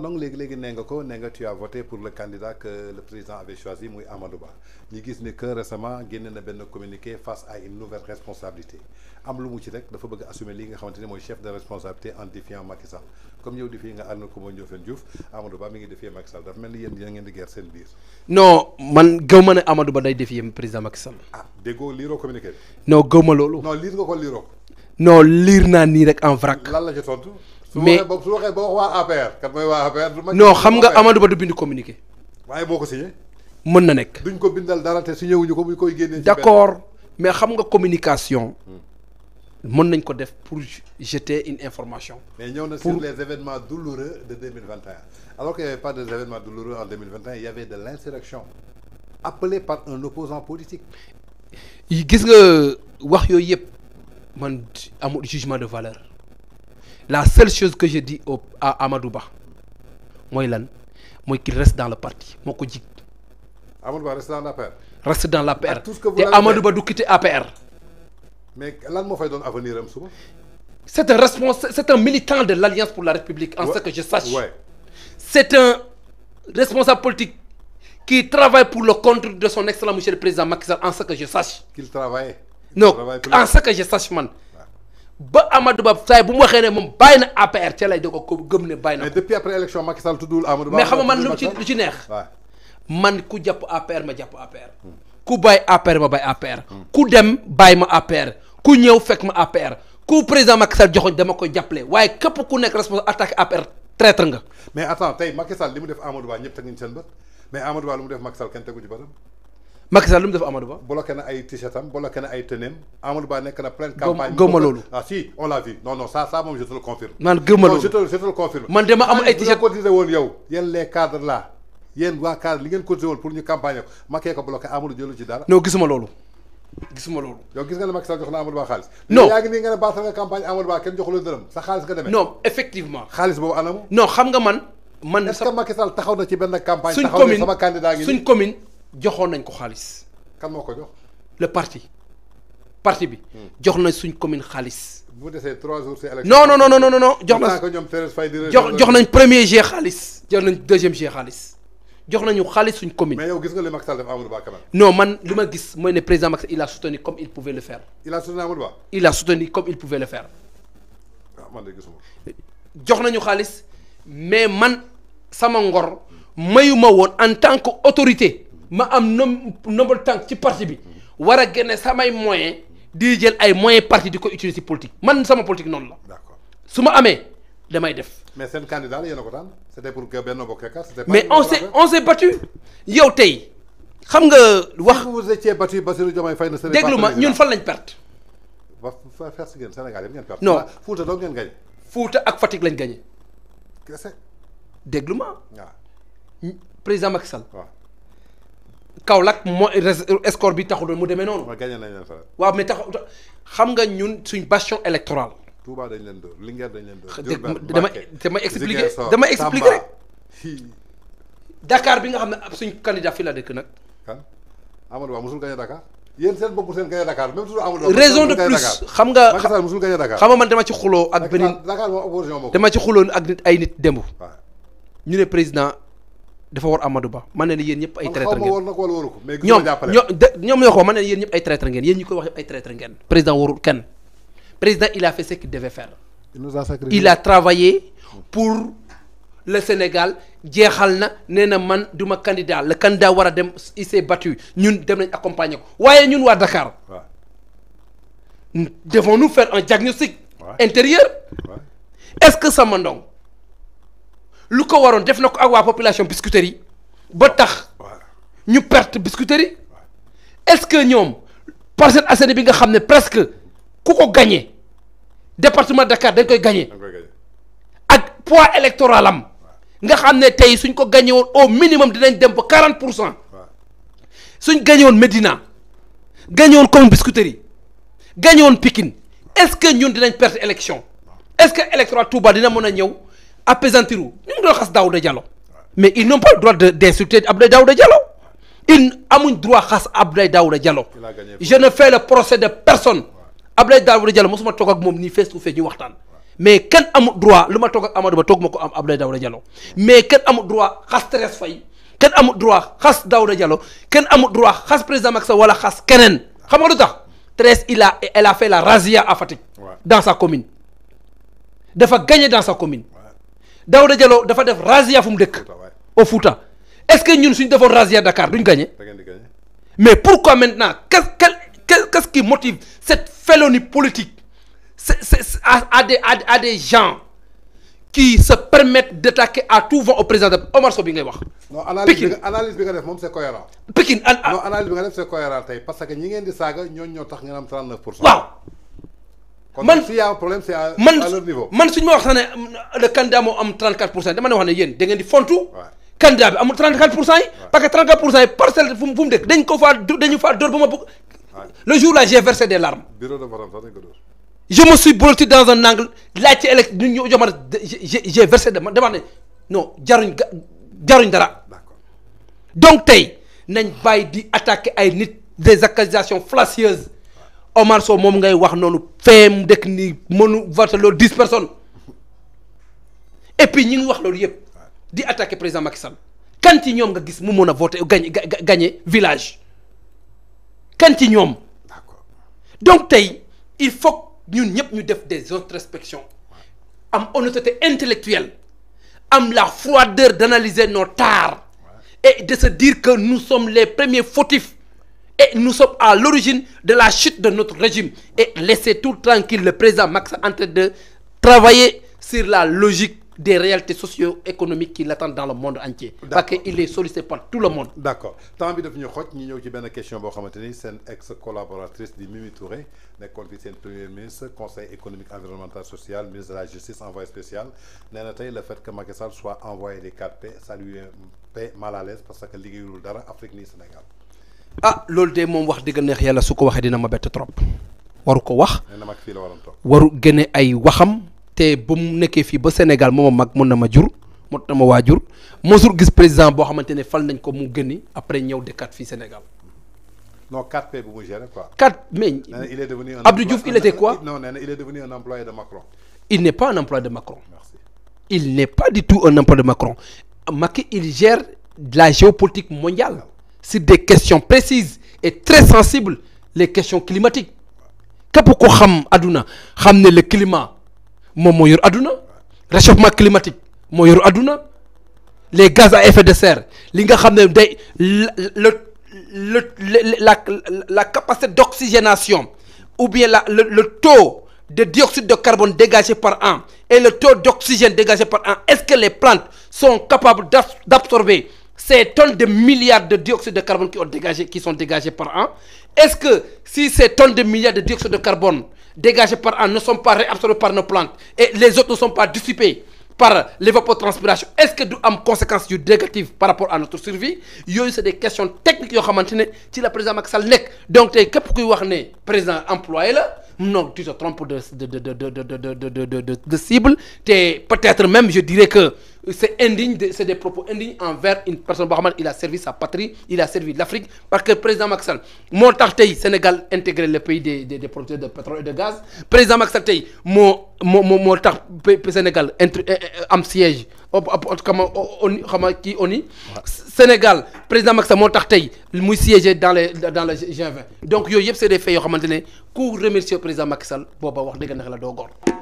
donc les léegi nee ko nee tu as voté pour le candidat que le président avait choisi muy Amadouba. Ba gis que récemment génne na bien communiqué face à une nouvelle responsabilité am lu mu ci rek dafa bëgg assumer li nga xamante ni chef de responsabilité en défiant Macky Sall comme yow défier nga Arona Coumba Ndoffène Diouf Amadou Ba mi ngi défier Macky Sall dafa mel ni yéen yéen ngeen di guerre seen biir. non man gëw ma ne Amadou Ba day défier président Macky Sall. ah déggoo liiroo communiqué non gëw ma non liir nga ko liiroo. non lire n'a ni rek en vrac. lan la ci mais su waxee su waxee boo waa APR kat mooy waa APR. du ma non xam nga Amadou Ba du bind communiquer waye boko signé. mën na nek duñ ko bindal dara té signé wuñu ko buñ koy génnee. d'accord mais xam nga communication. mën nañ ko def pour jeter une information. mais ñëw na sur les événements douloureux de 2021 alors qu'il n'y avait pas des événements douloureux en 2021 il y avait de l'insurrection appelée par un opposant politique. yi gis nga wax yoy yëpp man amul jugement de valeur la seule chose que j'ai dit à Amadouba, moi il qu'il reste dans le parti Amadouba, amadouba reste dans l'APR. reste dans l'APR Et Amadou Ba quitter APR. mais lan ce fay à avenir c'est un responsable c'est un militant de l'Alliance pour la République. en ce que je sache. c'est un responsable politique. qui travaille pour le compte de son excellent monsieur le président Macky Sall en ce que je sache. qu'il travaille. non en ce que je sache man. ba Amadou Ba saay bu mu waxee ne moom bàyyi na APR ca lay doog ko gëm ne bàyyi na ko. mais depuis après élection Macky Sall tuddul Amadou mais xam nga man lu ci lu ci neex. man ku jàpp APR ma jàpp APR. ku bàyyi APR ma bàyyi APR. ku dem bàyyi ma APR ku ñëw fekk ma APR ku président Macky Sall joxoñ dama koy jàppale waaye képp ku nekk responsable attaque APR traître nga. mais attends tey Macky Sall li mu def Amadou Ba ñëpp teg nañu seen bët mais Amadou Ba lu mu def Macky Macky Sall lu def Amadou Ba. bloqué na ay t-shirtam bloqué na ay teneem Amadou Ba nekk na pleine campagne. gëmma loolu ah si on l'a vu non non ça ça moom je te le confirme. man gëmma loolu je te je te le confirme. man dama am ay t-shirt bu cotisé yow. yéen les cadres là yéen waa cadre li ngeen cotisé woon pour ñu campagne ko ko bloqué Amadou jëlu ci dara. non gisuma loolu. gisuma loolu. yow gis nga ne Macky Sall Amadou Ba khalis non yaa ngi nga ne baaxal nga campagne Amadou Ba kenn joxu la dërëm sa xaalis nga demee. non effectivement. khalis boobu anamu. non xam nga man. man est-ce que Macky taxaw na ci benn campagne. taxaw sama candidat ngi suñ commune joxoon nañ ko xaalis. kan moko jox. le parti. parti bi. Hmm. jox na suñ commune xaalis. bu desee 3 jours ci élection. non non non non non jox na jox jox nañ premier G xaalis. jox nañ deuxième G xaalis. jox nañu xaalis suñ commune. mais yow gis nga le Macky Sall def Amadou Ba quand non man luma ma gis mooy ne président Macky il a soutenu comme il pouvait le faire. il a soutenu Amadou Ba. il a soutenu comme il pouvait le faire. waaw ah, man lay gisuma. jox nañu xaalis mais man sama ngor mayuma won en tant que autorité ma am nom nombre tank ci parti bi wara a samay moyen di jël ay moyens parti di ko utiliser politique man sama politique non la. d'accord suma amé amee damay def. mais sen candidat yéna ko tan c'était pour que Benno Bokk Yaakaar c'était pas mais on s'est on s'est battu yow tay xam nga wax. vous étiez battu Bassirou Diomaye Faye na. déglu ñun fa lañ perte. ba faire fers ngeen Sénégal yëpp ngeen perte. non Fouta doo ngeen gañe. Fouta ak Fatick lañ gagné kese. déglu ah. président Macky Sall. Kaolack moo score bi taxul mu demee non wa gagné nañ leen sax. wa mais tax xam nga ñun suñ bastion électoral Touba dañ leen door linguer dañ leen door dama dama expliqué dama expliquer rek. Dakar bi nga xamné suñ candidat fi la dëkk nak kan Amadou wa musul gagné Dakar. yeen seen bokku seen gagné Dakar même toujours Amadou raison de plus xam nga. Macky musul gagné Dakar. xam nga man dama ci xulo ak benin Dakar mo opposition mo dama ci xuloo ak nit ay nit dembu ñu ne président dafa war Amadou Ba mané yeen ñep ay traître ngeen ñoom ñoom ñoo ko man ne yéen ñëpp ay traître ngeen yeen ñi koy wax ay traître ngeen président warul ken président il a fait ce qu'il devait faire il nous a sacrifié il a travaillé pour le Sénégal jéxal na néna man duma candidat le candidat wara dem il s'est battu ñun dem nañ accompagner ko waye ñun wa Dakar devons nous faire un diagnostic intérieur est-ce que ça Ndong lu ko waroon def na ko ak waa population biscuiterie ba tax ñu perte biscuiterie est-ce que ñoom Parcelles Assainies bi nga xam ne presque ku ko gagné département Dakar dañ koy gagné ak poids électoral am nga xam ne tey suñ ko gagné woon au minimum dinañ dem ba 40 pour cent suñ gagné woon on gagné woon comme biscuiterie yi gagné woon Pikine est-ce que ñun dinañ perte élection est-ce que électoral Touba dina mën a ñëw. Ils ñu ngi xass mais ils n'ont pas le droit d'insulter Abdoulaye Ils Diallo ils droit xass Abdoulaye dialo je ne fais le procès de personne Abdoulaye Diallo ak mom ni face to face ñu mais ken droit luma tok ak Amadou Ba ma am Abdoulaye Diallo mais ken droit xass fay ken droit xass Diallo ken droit xass président Macky wala xass xam nga a elle a fait la razzia à dans sa commune a gagné dans sa commune Daouda Diallo dafa def razzia fum au Fouta est-ce que nous sommes devant razzia Dakar duñ gagné. mais pourquoi maintenant qu'est-ce qui motive cette félonie politique c'est c'est à des gens qui se permettent d'attaquer à tout vent au président de Omar Sow bi non l'analyse bi nga c'est cohérent. Pekin, an non analyse bi nga def c'est cohérent parce que nous, ngeen di ñoo 39 Wow man si y' a problème c'est à leur niveau man man suñu le candidat moo am 34 pour cent dama ne wax ne yéen candidat a 34 parce que 34 pour parcelle vous, mu fu mu dañ ko dañu le jour là j'ai versé des larmes. bureau de Maram je me suis brûlé dans un angle laaj j'ai versé des larmes. non jaruñ ga donc tey nañ bàyyi di attaquer ay des accusations flacieuses. Omar Sow mom ngay wax nonu feem dëkk nii mënu personnes et puis ñi ngi wax loolu yépp di attaqué président Macky Sall kan ci ñom nga gis mu mëna voter village kan donc il faut ñun ñëpp ñu def des introspections am honnêteté intellectuelle am la froideur d'analyser nos tares et de se dire que nous sommes les premiers fautifs et nous sommes à l'origine de la chute de notre régime. Et laissez tout tranquille le président Max en train de travailler sur la logique des réalités socio-économiques qui l'attendent dans le monde entier. Il qu'il est sollicité par tout le monde. D'accord. Tant mieux de venir, nous avons une question. C'est une ex-collaboratrice de Mimi Touré, nekkoon fi de premier ministre conseil économique environnemental social ministre de la justice envoyé spécial le fait que Macky Sall soit envoyé des 4 paix, ça lui mal à l'aise parce que liggéeyul dara Afrique ni Sénégal ah lol de moom wax dëgg neex la soukou ko waxee dina ma bett trop waru ko wax waru gëne ay waxam te ba mu nekkee fii ba Sénégal moom mag mën na ma jur mot na gis président bo xamante ne fal nañ ko mu gëni après ñëw quatre fii Sénégal. non 4P bu mu gérer quoi. 4 mais il est devenu un Abdou Diouf il était quoi non nee il est devenu un employé de Macron. il n'est pas un employé de Macron. Merci. il n'est pas du tout un employé de Macron Macky il gère la géopolitique mondiale. C'est des questions précises et très sensibles les questions climatiques quest ko xam le climat le réchauffement climatique les gaz à effet de serre la capacité d'oxygénation ou bien le, le taux de dioxyde de carbone dégagé par an et le taux d'oxygène dégagé par an est-ce que les plantes sont capables d'absorber ces tonnes de milliards de dioxyde de carbone qui, sont dégagés par an, est-ce que si ces tonnes de milliards de dioxyde de carbone dégagés par an ne sont pas réabsorbées par nos plantes et les autres ne sont pas dissipées par l'évapotranspiration, est-ce que nous avons des conséquences négatives par rapport à notre survie C'est des questions techniques qui ont été la présidente Macky Sall. Donc, le président employé là, non tu te trompes de de de cible peut-être même je dirais que c'est indigne de c'est des propos indignes envers une personne il a servi sa patrie il a servi l'Afrique parce que le président Maxal, mon Sénégal intégré le pays des des producteurs de pétrole et de gaz président Macky mon Sénégal siège Sénégal le président Maxime Montarté, il est siégé dans le G20 donc il y a des faits yoo xamante ne ku remercier président Macky Sall booba wax dëgg ndax la